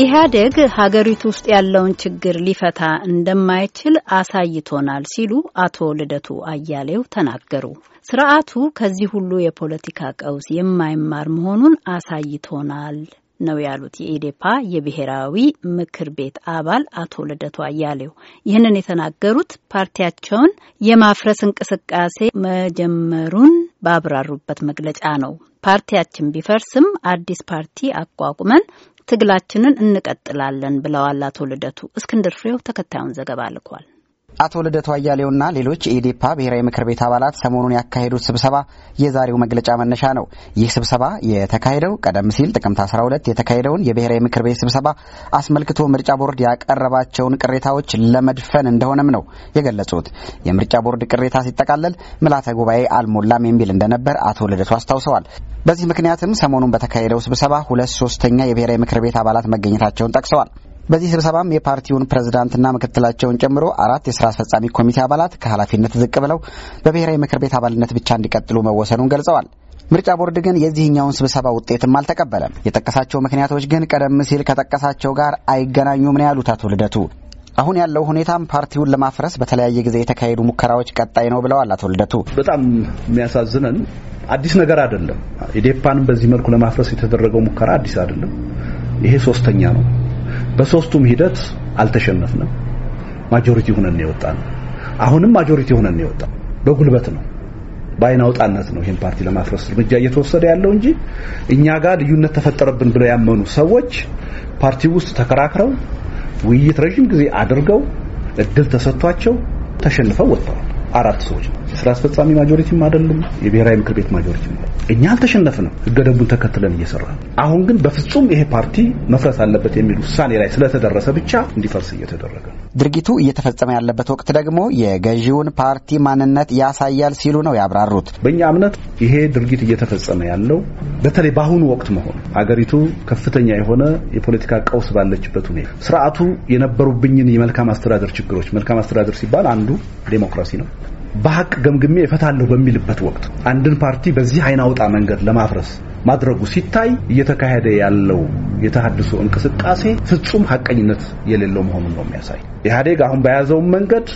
ኢህአዴግ ሀገሪቱ ውስጥ ያለውን ችግር ሊፈታ እንደማይችል አሳይቶናል ሲሉ አቶ ልደቱ አያሌው ተናገሩ። ስርዓቱ ከዚህ ሁሉ የፖለቲካ ቀውስ የማይማር መሆኑን አሳይቶናል ነው ያሉት የኢዴፓ የብሔራዊ ምክር ቤት አባል አቶ ልደቱ አያሌው። ይህንን የተናገሩት ፓርቲያቸውን የማፍረስ እንቅስቃሴ መጀመሩን ባብራሩበት መግለጫ ነው። ፓርቲያችን ቢፈርስም አዲስ ፓርቲ አቋቁመን ትግላችንን እንቀጥላለን ብለዋል አቶ ልደቱ። እስክንድር ፍሬው ተከታዩን ዘገባ ልኳል። አቶ ልደቱ አያሌውና ሌሎች የኢዴፓ ብሔራዊ ምክር ቤት አባላት ሰሞኑን ያካሄዱት ስብሰባ የዛሬው መግለጫ መነሻ ነው። ይህ ስብሰባ የተካሄደው ቀደም ሲል ጥቅምት 12 የተካሄደውን የብሔራዊ ምክር ቤት ስብሰባ አስመልክቶ ምርጫ ቦርድ ያቀረባቸውን ቅሬታዎች ለመድፈን እንደሆነም ነው የገለጹት። የምርጫ ቦርድ ቅሬታ ሲጠቃለል ምላተ ጉባኤ አልሞላም የሚል እንደነበር አቶ ልደቱ አስታውሰዋል። በዚህ ምክንያትም ሰሞኑን በተካሄደው ስብሰባ ሁለት ሶስተኛ የብሔራዊ ምክር ቤት አባላት መገኘታቸውን ጠቅሰዋል። በዚህ ስብሰባም የፓርቲውን ፕሬዝዳንትና ምክትላቸውን ጨምሮ አራት የስራ አስፈጻሚ ኮሚቴ አባላት ከኃላፊነት ዝቅ ብለው በብሔራዊ ምክር ቤት አባልነት ብቻ እንዲቀጥሉ መወሰኑን ገልጸዋል። ምርጫ ቦርድ ግን የዚህኛውን ስብሰባ ውጤትም አልተቀበለም። የጠቀሳቸው ምክንያቶች ግን ቀደም ሲል ከጠቀሳቸው ጋር አይገናኙም ነው ያሉት አቶ ልደቱ። አሁን ያለው ሁኔታም ፓርቲውን ለማፍረስ በተለያየ ጊዜ የተካሄዱ ሙከራዎች ቀጣይ ነው ብለዋል አቶ ልደቱ። በጣም የሚያሳዝነን አዲስ ነገር አይደለም። ኢዴፓንም በዚህ መልኩ ለማፍረስ የተደረገው ሙከራ አዲስ አይደለም። ይሄ ሶስተኛ ነው። በሶስቱም ሂደት አልተሸነፍንም። ማጆሪቲ ሆነን ነው የወጣን። አሁንም ማጆሪቲ ሆነን ነው የወጣን። በጉልበት ነው በአይን አውጣነት ነው ይህን ፓርቲ ለማፍረስ እርምጃ እየተወሰደ ያለው እንጂ እኛ ጋር ልዩነት ተፈጠረብን ብለው ያመኑ ሰዎች ፓርቲ ውስጥ ተከራክረው ውይይት ረዥም ጊዜ አድርገው እድል ተሰጥቷቸው ተሸንፈው ወጥተዋል። አራት ሰዎች ነው። ስራ አስፈጻሚ ማጆሪቲም አይደሉም፣ የብሔራዊ ምክር ቤት ማጆሪቲም እኛ አልተሸነፍንም። ህገ ደንቡን ተከትለን እየሰራ አሁን ግን በፍጹም ይሄ ፓርቲ መፍረስ አለበት የሚል ውሳኔ ላይ ስለተደረሰ ብቻ እንዲፈርስ እየተደረገ ድርጊቱ እየተፈጸመ ያለበት ወቅት ደግሞ የገዢውን ፓርቲ ማንነት ያሳያል ሲሉ ነው ያብራሩት። በእኛ እምነት ይሄ ድርጊት እየተፈጸመ ያለው በተለይ በአሁኑ ወቅት መሆኑ አገሪቱ ከፍተኛ የሆነ የፖለቲካ ቀውስ ባለችበት ሁኔታ ስርዓቱ የነበሩብኝን የመልካም አስተዳደር ችግሮች፣ መልካም አስተዳደር ሲባል አንዱ ዴሞክራሲ ነው በሀቅ ገምግሜ እፈታለሁ በሚልበት ወቅት አንድን ፓርቲ በዚህ አይናውጣ አውጣ መንገድ ለማፍረስ ማድረጉ ሲታይ እየተካሄደ ያለው የተሃድሶ እንቅስቃሴ ፍጹም ሀቀኝነት የሌለው መሆኑን ነው የሚያሳይ። ኢህአዴግ አሁን በያዘውን መንገድ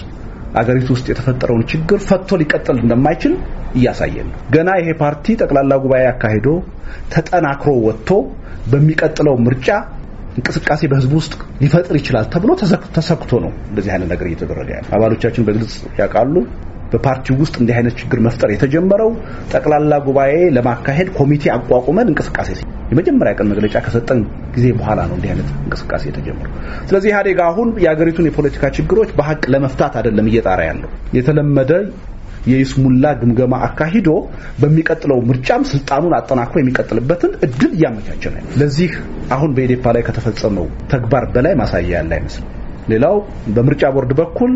አገሪቱ ውስጥ የተፈጠረውን ችግር ፈቶ ሊቀጥል እንደማይችል እያሳየን ነው። ገና ይሄ ፓርቲ ጠቅላላ ጉባኤ አካሂዶ ተጠናክሮ ወጥቶ በሚቀጥለው ምርጫ እንቅስቃሴ በህዝቡ ውስጥ ሊፈጥር ይችላል ተብሎ ተሰክቶ ነው እንደዚህ አይነት ነገር እየተደረገ ያለ። አባሎቻችን በግልጽ ያውቃሉ። በፓርቲው ውስጥ እንዲህ አይነት ችግር መፍጠር የተጀመረው ጠቅላላ ጉባኤ ለማካሄድ ኮሚቴ አቋቁመን እንቅስቃሴ የመጀመሪያ ቀን መግለጫ ከሰጠን ጊዜ በኋላ ነው እንዲህ አይነት እንቅስቃሴ የተጀመረው። ስለዚህ ኢህአዴግ አሁን የሀገሪቱን የፖለቲካ ችግሮች በሀቅ ለመፍታት አይደለም እየጣራ ያለው የተለመደ የይስሙላ ግምገማ አካሂዶ በሚቀጥለው ምርጫም ስልጣኑን አጠናክሮ የሚቀጥልበትን እድል እያመቻቸ ነው። ለዚህ አሁን በኢዴፓ ላይ ከተፈጸመው ተግባር በላይ ማሳያ ያለ አይመስልም። ሌላው በምርጫ ቦርድ በኩል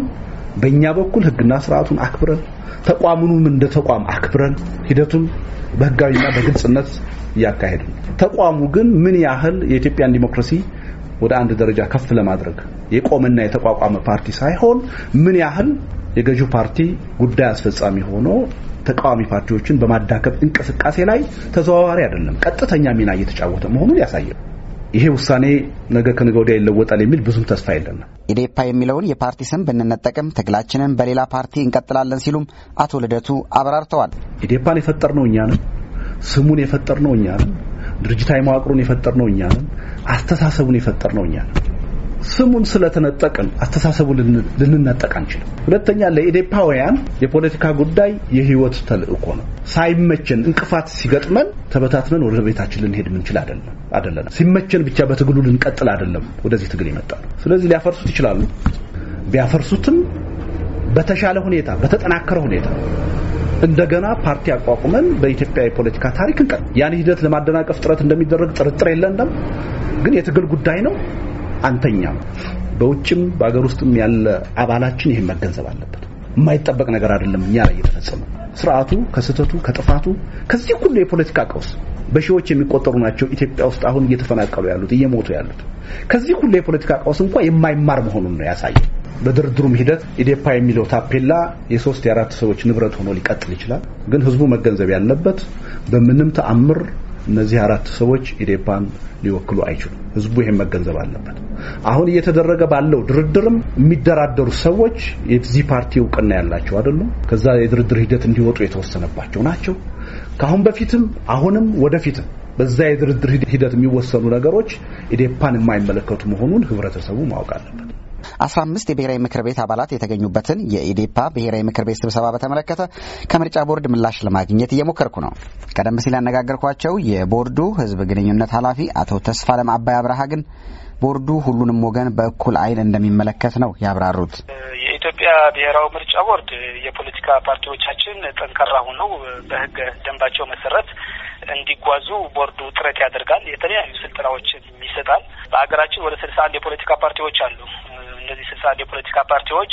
በእኛ በኩል ህግና ስርዓቱን አክብረን ተቋሙንም እንደ ተቋም አክብረን ሂደቱን በህጋዊና በግልጽነት እያካሄዱ ተቋሙ ግን ምን ያህል የኢትዮጵያን ዲሞክራሲ ወደ አንድ ደረጃ ከፍ ለማድረግ የቆመና የተቋቋመ ፓርቲ ሳይሆን ምን ያህል የገዢው ፓርቲ ጉዳይ አስፈጻሚ ሆኖ ተቃዋሚ ፓርቲዎችን በማዳከብ እንቅስቃሴ ላይ ተዘዋዋሪ አይደለም፣ ቀጥተኛ ሚና እየተጫወተ መሆኑን ያሳያል። ይሄ ውሳኔ ነገ ከነገ ወዲያ ይለወጣል የሚል ብዙም ተስፋ የለንም። ኢዴፓ የሚለውን የፓርቲ ስም ብንነጠቅም ትግላችንን በሌላ ፓርቲ እንቀጥላለን ሲሉም አቶ ልደቱ አብራርተዋል። ኢዴፓን የፈጠርነው እኛ ነን። ስሙን የፈጠርነው እኛ ነን። ድርጅታዊ መዋቅሩን የፈጠርነው እኛ ነን። አስተሳሰቡን የፈጠርነው እኛ ነን። ስሙን ስለተነጠቅን አስተሳሰቡ ልንነጠቅ አንችልም። ሁለተኛ ለኢዴፓውያን የፖለቲካ ጉዳይ የህይወት ተልእኮ ነው። ሳይመቸን እንቅፋት ሲገጥመን ተበታትነን ወደ ቤታችን ልንሄድ ምንችል አይደለም። ሲመቸን ብቻ በትግሉ ልንቀጥል አይደለም ወደዚህ ትግል ይመጣል። ስለዚህ ሊያፈርሱት ይችላሉ። ቢያፈርሱትም በተሻለ ሁኔታ በተጠናከረ ሁኔታ እንደገና ፓርቲ አቋቁመን በኢትዮጵያ የፖለቲካ ታሪክ እንቀጥ ያን ሂደት ለማደናቀፍ ጥረት እንደሚደረግ ጥርጥር የለንም። ግን የትግል ጉዳይ ነው። አንተኛ በውጭም በአገር ውስጥም ያለ አባላችን ይህን መገንዘብ አለበት። የማይጠበቅ ነገር አይደለም እኛ ላይ እየተፈጸመ ስርዓቱ ከስህተቱ ከጥፋቱ ከዚህ ሁሉ የፖለቲካ ቀውስ በሺዎች የሚቆጠሩ ናቸው ኢትዮጵያ ውስጥ አሁን እየተፈናቀሉ ያሉት እየሞቱ ያሉት ከዚህ ሁሉ የፖለቲካ ቀውስ እንኳ የማይማር መሆኑን ነው ያሳየ። በድርድሩም ሂደት ኢዴፓ የሚለው ታፔላ የሶስት የአራት ሰዎች ንብረት ሆኖ ሊቀጥል ይችላል። ግን ህዝቡ መገንዘብ ያለበት በምንም ተአምር እነዚህ አራት ሰዎች ኢዴፓን ሊወክሉ አይችሉም። ህዝቡ ይሄን መገንዘብ አለበት። አሁን እየተደረገ ባለው ድርድርም የሚደራደሩ ሰዎች የዚህ ፓርቲ እውቅና ያላቸው አይደሉም። ከዛ የድርድር ሂደት እንዲወጡ የተወሰነባቸው ናቸው። ከአሁን በፊትም አሁንም ወደፊትም በዛ የድርድር ሂደት የሚወሰኑ ነገሮች ኢዴፓን የማይመለከቱ መሆኑን ህብረተሰቡ ማወቅ አለበት። አስራ አምስት የብሔራዊ ምክር ቤት አባላት የተገኙበትን የኢዴፓ ብሔራዊ ምክር ቤት ስብሰባ በተመለከተ ከምርጫ ቦርድ ምላሽ ለማግኘት እየሞከርኩ ነው። ቀደም ሲል ያነጋገርኳቸው የቦርዱ ህዝብ ግንኙነት ኃላፊ አቶ ተስፋለም አባይ አብርሃ ግን ቦርዱ ሁሉንም ወገን በእኩል አይን እንደሚመለከት ነው ያብራሩት። የኢትዮጵያ ብሔራዊ ምርጫ ቦርድ የፖለቲካ ፓርቲዎቻችን ጠንካራ ሆነው በህገ ደንባቸው መሰረት እንዲጓዙ ቦርዱ ጥረት ያደርጋል። የተለያዩ ስልጠናዎችን ይሰጣል። በሀገራችን ወደ ስልሳ አንድ ፓርቲዎች አሉ። እነዚህ ስልሳ አንድ የፖለቲካ ፓርቲዎች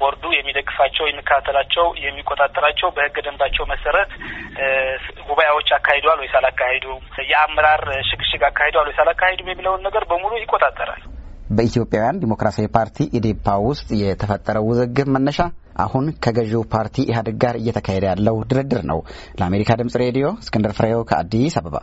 ቦርዱ የሚደግፋቸው፣ የሚከታተላቸው፣ የሚቆጣጠራቸው በህገ ደንባቸው መሰረት ጉባኤዎች አካሂደዋል ወይስ አላካሂዱም፣ የአመራር ሽግሽግ አካሂደዋል ወይስ አላካሂዱም የሚለውን ነገር በሙሉ ይቆጣጠራል። በኢትዮጵያውያን ዲሞክራሲያዊ ፓርቲ ኢዴፓ ውስጥ የተፈጠረው ውዝግብ መነሻ አሁን ከገዢው ፓርቲ ኢህአዴግ ጋር እየተካሄደ ያለው ድርድር ነው። ለአሜሪካ ድምጽ ሬዲዮ እስክንድር ፍሬው ከአዲስ አበባ